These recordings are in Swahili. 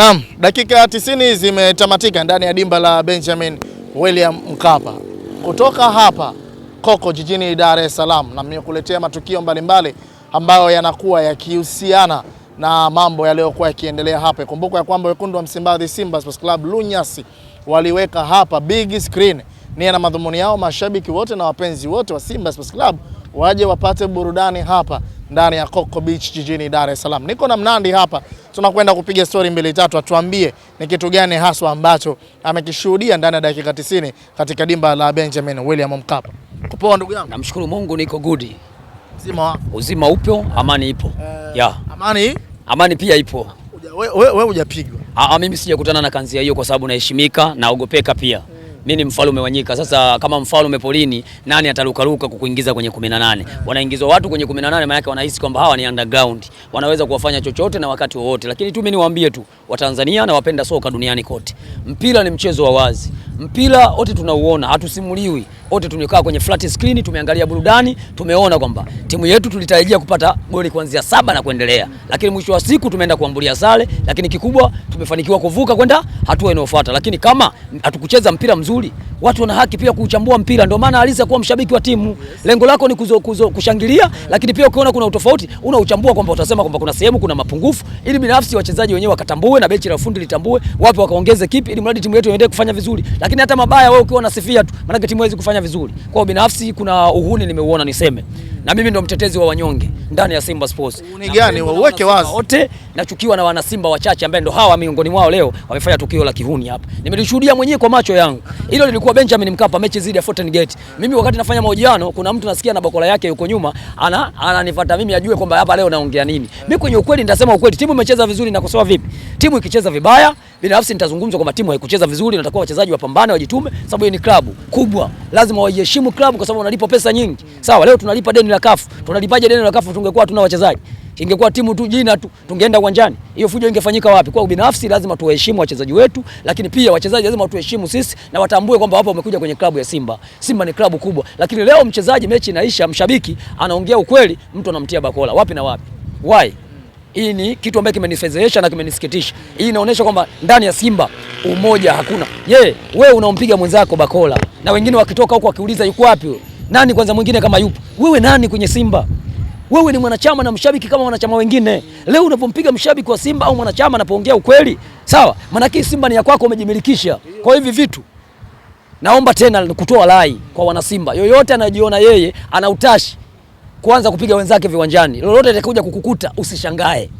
Naam, dakika 90 zimetamatika ndani ya dimba la Benjamin William Mkapa. Kutoka hapa Koko jijini Dar es Salaam, na nimekuletea matukio mbalimbali mbali ambayo yanakuwa yakihusiana na mambo yaliyokuwa yakiendelea hapa. Kumbuka ya kwamba wekundu wa Msimbazi Simba Sports Club Lunyasi waliweka hapa big screen, Ni na madhumuni yao mashabiki wote na wapenzi wote wa Simba Sports Club waje wapate burudani hapa ndani ya Coco Beach jijini Dar es Salaam. Niko na Mnandi hapa, tunakwenda kupiga stori mbili tatu, atuambie ni kitu gani haswa ambacho amekishuhudia ndani ya dakika 90 katika dimba la Benjamin William Mkapa. Kupoa ndugu yangu, namshukuru Mungu, niko good. Uzima, uzima upo, amani ipo eh, yeah. Amani, amani pia ipo. Wewe hujapigwa? Ah, ah, mimi sijakutana na kanzia hiyo kwa sababu naheshimika, naogopeka pia eh mimi ni mfalme wa nyika. Sasa kama mfalme polini, nani atarukaruka kukuingiza kwenye 18? Wanaingizwa watu kwenye 18, maana yake wanahisi kwamba hawa ni underground, wanaweza kuwafanya chochote na wakati wowote. Lakini tu mimi niwaambie tu Watanzania na wapenda soka duniani kote, mpira ni mchezo wa wazi. Mpira wote tunauona, hatusimuliwi. Wote tumekaa kwenye flat screen, tumeangalia burudani, tumeona kwamba timu yetu tulitarajia kupata goli kuanzia saba na kuendelea, lakini mwisho wa siku tumeenda kuambulia sare, lakini kikubwa tumefanikiwa kuvuka kwenda hatua inayofuata. Lakini kama hatukucheza mpira mzuri watu wana haki pia kuchambua mpira. Ndio maana Aliza kuwa mshabiki wa timu, lengo lako ni kuzo, kuzo, kushangilia, lakini pia ukiona kuna utofauti unauchambua, kwamba utasema kwamba kuna sehemu kuna mapungufu, ili binafsi wachezaji wenyewe wakatambue na benchi la ufundi litambue wapi wakaongeze kipi, ili mradi timu yetu iendelee kufanya vizuri. Lakini hata mabaya wewe ukiwa unasifia tu, maana timu haiwezi kufanya vizuri. Kwa binafsi kuna uhuni nimeuona, niseme na mimi ndo mtetezi wa wanyonge ndani ya Simba Sports. Ni gani waweke wazi wote, nachukiwa na wana Simba wachache ambao ndo hawa miongoni mwao leo wamefanya tukio la kihuni hapa, nimelishuhudia mwenyewe kwa macho yangu, hilo lilikuwa kwa Benjamin Mkapa mechi zidi ya Fountain Gate. Mimi wakati nafanya mahojiano, kuna mtu nasikia na bakola yake yuko nyuma, ana ananifuata mimi ajue kwamba hapa leo naongea nini. Mimi kwenye ukweli nitasema ukweli. Timu imecheza vizuri na kosoa vipi? Timu ikicheza vibaya, binafsi nitazungumza kwamba timu haikucheza vizuri, natakuwa wachezaji wapambane, wajitume, sababu hii ni klabu kubwa, lazima waiheshimu klabu kwa sababu wanalipa pesa nyingi. Sawa, leo tunalipa deni la kafu. Tunalipaje deni la kafu tungekuwa tuna wachezaji? Ingekuwa timu tu jina tu, tungeenda uwanjani, hiyo fujo ingefanyika wapi? Kwa ubinafsi, lazima tuwaheshimu wachezaji wetu, lakini pia wachezaji lazima tuheshimu sisi na watambue kwamba wapo wamekuja kwenye klabu ya Simba. Simba ni klabu kubwa, lakini leo mchezaji, mechi inaisha, mshabiki anaongea ukweli, mtu anamtia bakola wapi na wapi? Why? Hii ni kitu ambacho kimenifedhehesha na kimenisikitisha. Hii inaonyesha kwamba ndani ya Simba umoja hakuna. Je, wewe unaompiga mwenzako bakola na wengine wakitoka huko wakiuliza yuko wapi? Nani kwanza mwingine kama yupo? Wewe nani kwenye Simba? wewe ni mwanachama na mshabiki kama wanachama wengine. Leo unapompiga mshabiki wa Simba au mwanachama anapoongea ukweli, sawa, maanake Simba ni ya kwako, umejimilikisha kwa hivi vitu. Naomba tena kutoa rai kwa wanasimba, yoyote anajiona yeye ana utashi kuanza kupiga wenzake viwanjani, lolote atakuja kukukuta, usishangae.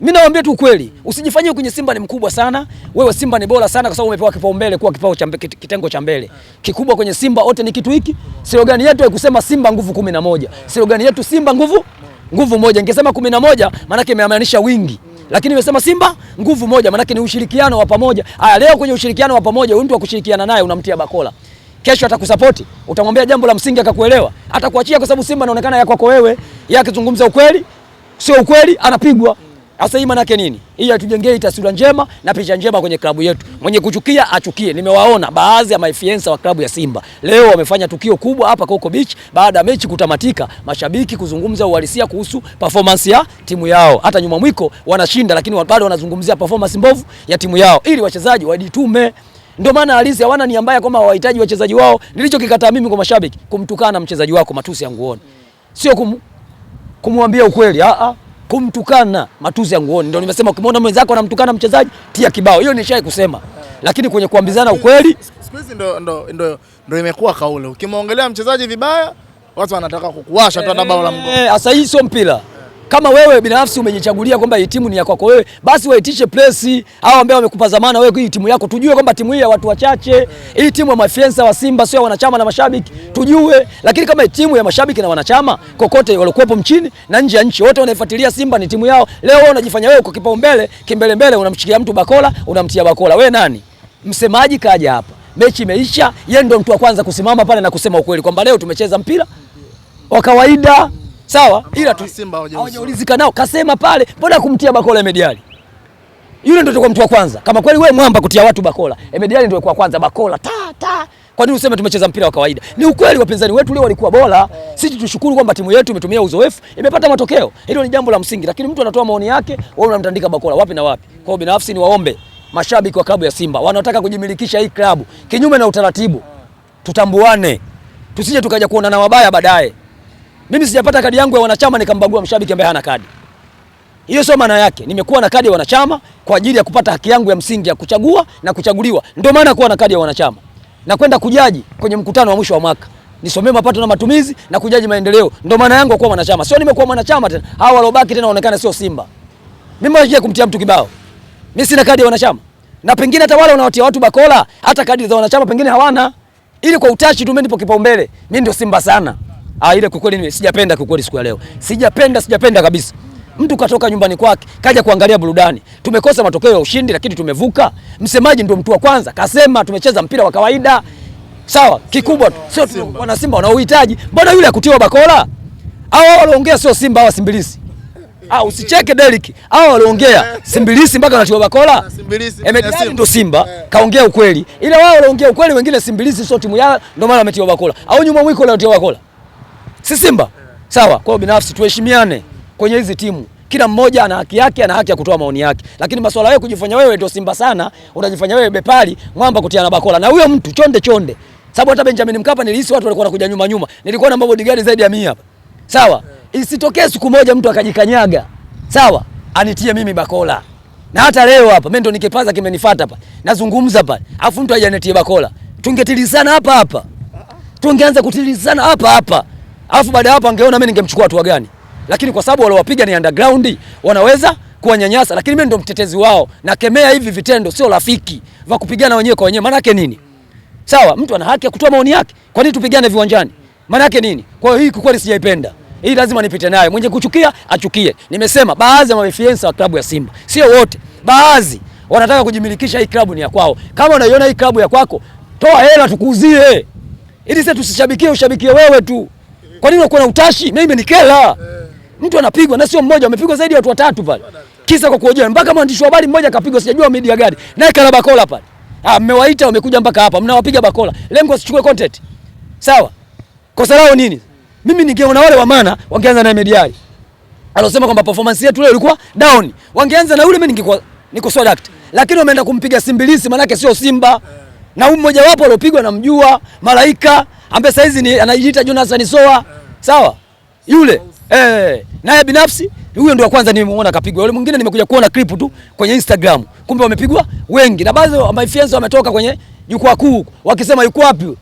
Mimi nawaambia tu ukweli, usijifanyie kwenye Simba ni mkubwa sana. Wewe Simba ni bora sana kwa sababu umepewa kipaumbele kuwa kipao cha kitengo cha mbele. Kikubwa kwenye Simba wote ni kitu hiki. Slogan yetu ya kusema Simba nguvu 11. Slogan yetu Simba nguvu nguvu moja. Ningesema 11 maana yake imemaanisha wingi. Lakini nimesema Simba nguvu moja maana yake ni ushirikiano wa pamoja. Aya, leo kwenye ushirikiano wa pamoja huyu mtu wa kushirikiana naye unamtia bakola. Kesho atakusapoti, utamwambia jambo la msingi akakuelewa, atakuachia kwa sababu Simba inaonekana ya kwako wewe. Yeye akizungumza ukweli, sio ukweli, anapigwa. Sasa hii maana yake nini? Hii hatujengei taswira njema na picha njema kwenye klabu yetu. Mwenye kuchukia achukie. Nimewaona baadhi ya maifiensa wa klabu ya Simba leo wamefanya tukio kubwa hapa Coco Beach, baada ya mechi kutamatika, mashabiki kuzungumza uhalisia kuhusu performance ya timu yao. Hata nyuma mwiko wanashinda, lakini bado wanazungumzia performance mbovu ya timu yao, ili wachezaji wajitume. Ndio maana halisi hawana nia mbaya kwamba hawahitaji wachezaji wao. Nilichokikataa mimi kwa mashabiki kumtukana mchezaji wako matusi yanguone, sio kum, kumwambia ukweli. Ah, ah kumtukana matuzi ya nguoni. Ndio nimesema ukimwona mwenzako anamtukana mchezaji tia kibao, hiyo nishai kusema, lakini kwenye kuambizana ukweli siku hizi ndo, ndo, ndo, ndo imekuwa kauli. Ukimwongelea mchezaji vibaya watu wanataka kukuwasha tu, hata bao la mgongo. Sasa eh, hii sio mpira kama wewe binafsi umejichagulia kwamba hii timu ni ya kwako wewe, basi waitishe press au ambao wamekupa zamana wewe, hii timu yako tujue kwamba timu hii ya watu wachache, hii timu ya mafiansa wa Simba sio ya wanachama na mashabiki, tujue. Lakini kama hii timu ya mashabiki na wanachama kokote waliokuwepo mchini na nje ya nchi, wote wanaifuatilia Simba, ni timu yao. Leo wewe unajifanya wewe kwa kipaumbele, kimbele mbele, unamchukia mtu bakola, unamtia bakola. Wewe nani? Msemaji kaja hapa, mechi imeisha, yeye ndio mtu wa kwanza kusimama pale na kusema ukweli kwamba leo tumecheza mpira wa kawaida sawa, ila tu Simba hawajaulizika nao. Kasema pale, mbona kumtia bakola Emediali? Yule ndio tulikuwa mtu wa kwanza. Kama kweli wewe mwamba kutia watu bakola, Emediali ndio kwa kwanza bakola ta ta. Kwa nini useme tumecheza mpira wa kawaida? Ni ukweli, wapinzani wetu leo walikuwa bora. Eh. Sisi tushukuru kwamba timu yetu imetumia uzoefu, imepata matokeo. Hilo ni jambo la msingi, lakini mtu anatoa maoni yake, wewe unamtandika bakola wapi na wapi. Kwa hiyo binafsi ni waombe mashabiki wa klabu ya Simba wanaotaka kujimilikisha hii klabu kinyume na utaratibu, tutambuane, tusije tukaja kuonana wabaya baadaye. Mimi sijapata kadi yangu ya wanachama nikambagua mshabiki ambaye hana kadi. Hiyo sio maana yake. Nimekuwa na kadi ya wanachama kwa ajili ya kupata haki yangu ya msingi ya kuchagua na kuchaguliwa. Ndio maana kuwa na kadi ya wanachama. Na kwenda kujaji kwenye mkutano wa mwisho wa mwaka. Nisomee mapato na matumizi na kujaji maendeleo. Ndio maana yangu kuwa mwanachama. Sio nimekuwa mwanachama tena. Hao waliobaki tena wanaonekana sio Simba. Mimi waje kumtia mtu kibao. Mimi sina kadi ya wanachama. Na pengine hata wale wanawatia watu bakola, hata kadi za wanachama pengine hawana. Ili kwa utashi tu mimi ndipo kipaumbele. Mimi ndio Simba sana. Ah, ile kukweli kweli sijapenda kukweli siku ya leo. Sijapenda, sijapenda kabisa. Mtu katoka nyumbani kwake, kaja kuangalia burudani. Tumekosa matokeo ya ushindi lakini tumevuka. Msemaji ndio mtu wa kwanza kasema tumecheza mpira wa kawaida. Sawa, kikubwa tu. sio tu wana Simba wanaohitaji. Mbona yule akutiwa bakola? Hao waliongea sio Simba hawa Simbilisi. Ah, usicheke Derrick. Hao waliongea Simbilisi mpaka anatiwa bakola. Ah, Simbilisi ndio Simba eh. kaongea ukweli. Ile wao waliongea ukweli, wengine Simbilisi sio timu yao ndio maana wametiwa bakola. Au nyuma mwiko leo tiwa bakola si Simba? Sawa. Kwa hiyo binafsi tuheshimiane kwenye hizi timu, kila mmoja ana haki yake, ana haki ya kutoa maoni yake, lakini masuala wewe kujifanya wewe ndio Simba sana, unajifanya wewe bepali mwamba kutia na bakola na huyo mtu chonde chonde, sababu hata Benjamin Mkapa nilihisi watu walikuwa wanakuja nyuma nyuma, nilikuwa na bodyguard zaidi ya 100 hapa. Sawa, isitokee siku moja mtu akajikanyaga, sawa, anitie mimi bakola na hata leo hapa mimi ndo nikipaza kimenifuata hapa nazungumza hapa. afu mtu hajanitie bakola, tungetilizana hapa hapa, tungeanza kutilizana hapa hapa. Alafu baada hapo angeona mimi ningemchukua hatua gani. Lakini kwa sababu waliowapiga ni underground, wanaweza kuwanyanyasa, lakini mimi ndo mtetezi wao. Nakemea hivi vitendo, sio rafiki vya kupigana wenyewe kwa wenyewe. Maana yake nini? Sawa, mtu ana haki ya kutoa maoni yake. Kwa nini tupigane viwanjani? Maana yake nini? Kwa hiyo hii kwa kweli sijaipenda. Hii lazima nipite nayo. Mwenye kuchukia achukie. Nimesema baadhi ya mafiensa wa klabu ya Simba, sio wote. Baadhi wanataka kujimilikisha, hii klabu ni ya kwao. Kama unaiona hii klabu ya kwako, toa hela tukuuzie. Ili sisi tusishabikie ushabikie wewe tu. Kwa nini unakuwa na utashi? Mimi imenikela. Eh. Mtu anapigwa na sio mmoja, amepigwa zaidi ya watu watatu pale. Kisa kwa kuojea. Mpaka mwandishi wa habari mmoja kapigwa, sijajua media gani. Naye kala bakola pale. Ah, mmewaita wamekuja mpaka hapa. Mnawapiga bakola. Lengo sichukue content. Sawa? Kosa lao nini? Mimi ningeona wale wa maana wangeanza na media. Alosema kwamba performance yetu leo ilikuwa down. Wangeanza na yule mimi ningekuwa niko so Lakini wameenda kumpiga Simbilisi maana yake sio Simba. Yeah na huyu mmoja wapo aliopigwa namjua Malaika ambaye saizi hizi anajiita Jonathan Soa, sawa yule eh. eh, naye binafsi huyo ndio wa kwanza nimemuona kapigwa. Yule mwingine nimekuja kuona clip tu kwenye Instagram, kumbe wamepigwa wengi, na baadhi wa mafianzo wametoka kwenye jukwaa kuu wakisema yuko wapi nani,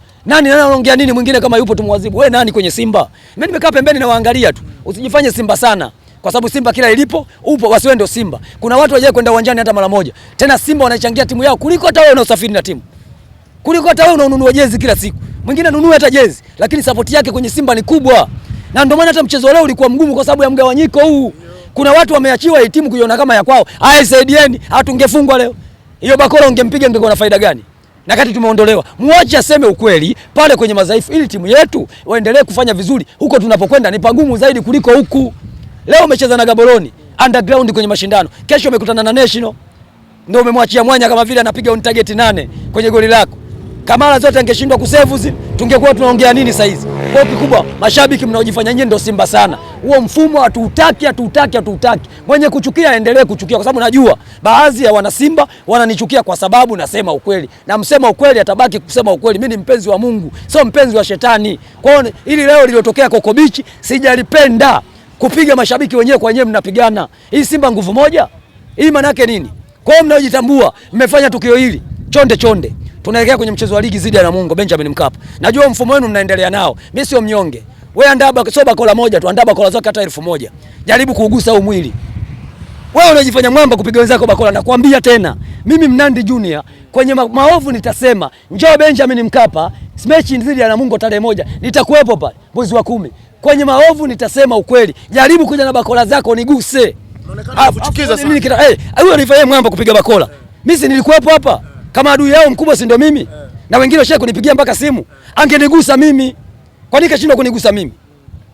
nani anaongea nini, mwingine kama yupo tumwadhibu. Wewe nani kwenye Simba? Mimi nimekaa pembeni na waangalia tu, usijifanye Simba sana kwa sababu Simba kila ilipo upo, wasiwe ndio Simba. Kuna watu wajaye kwenda uwanjani hata mara moja tena. Simba wanachangia timu yao kuliko hata wewe unaosafiri na timu kuliko hata wewe unaonunua jezi kila siku. Mwingine anunua hata jezi, lakini sapoti yake kwenye Simba ni kubwa, na ndio maana hata mchezo leo ulikuwa mgumu kwa sababu ya mgawanyiko huu. Kuna watu wameachiwa hii timu kuiona kama ya kwao. Haya, saidieni, hatungefungwa leo. Hiyo bakora ungempiga, ungekuwa na faida gani? na kati tumeondolewa, muache aseme ukweli pale kwenye madhaifu, ili timu yetu waendelee kufanya vizuri. Huko tunapokwenda ni pagumu zaidi kuliko huku. Leo umecheza na Gaboroni underground kwenye mashindano, kesho umekutana na National, ndio umemwachia mwanya kama vile anapiga on target nane kwenye goli lako. Kamara zote angeshindwa kusevu zi, tungekuwa tunaongea nini sasa hizi? Kwa kikubwa, mashabiki mnaojifanya nyinyi ndio Simba sana. Huo mfumo hatuutaki, hatuutaki, hatuutaki. Mwenye kuchukia aendelee kuchukia, kwa sababu najua baadhi ya wana Simba wananichukia kwa sababu nasema ukweli, na msema ukweli atabaki kusema ukweli. Mimi ni mpenzi wa Mungu, sio mpenzi wa shetani. Kwa hiyo ili leo lililotokea Kokobichi sijalipenda. Kupiga mashabiki wenyewe kwa wenyewe, mnapigana. Hii Simba nguvu moja, hii maana yake nini? Kwa hiyo mnaojitambua mmefanya tukio hili chonde chonde. Tunaelekea kwenye mchezo wa ligi zidi ya Namungo Benjamin Mkapa. Najua mfumo wenu mnaendelea nao. Mimi sio mnyonge. Wewe andaba sio bakola moja tu, andaba kola zako hata elfu moja. Jaribu kuugusa huu mwili. Wewe unajifanya mwamba kupiga wenzako bakola. Nakwambia tena, mimi Mnandi Junior kwenye ma maovu nitasema, njoo Benjamin Mkapa, mechi dhidi ya Namungo tarehe moja, nitakuwepo pale mwezi wa kumi. Kwenye maovu nitasema ukweli. Jaribu kuja na bakola zako niguse. Unaonekana ah, kuchukiza ah, sana. Mimi nikita, eh, wewe unifanyia mwamba kupiga bakola. Mimi si nilikuwepo hapa. Yeah. Kama adui yao mkubwa si ndio mimi? Eh. Na wengine washaye kunipigia mpaka simu. Angenigusa mimi. Kwa nini kashindwa kunigusa mimi?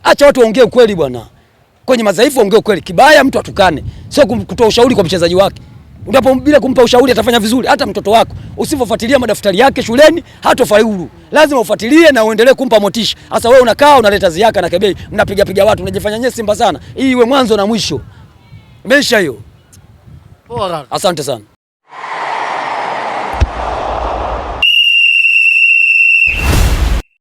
Acha watu waongee ukweli bwana. Kwenye madhaifu waongee ukweli. Kibaya mtu atukane, sio kutoa ushauri kwa mchezaji wake. Unapo bila kumpa ushauri atafanya vizuri. Hata mtoto wako usipofuatilia madaftari yake shuleni hatofaulu. Lazima ufuatilie na uendelee kumpa motisha. hasa wewe unakaa unaleta ziaka na kebei, mnapiga piga watu, unajifanya nyenye Simba sana. Hii iwe mwanzo na mwisho. Imeisha hiyo. Bora. Asante sana.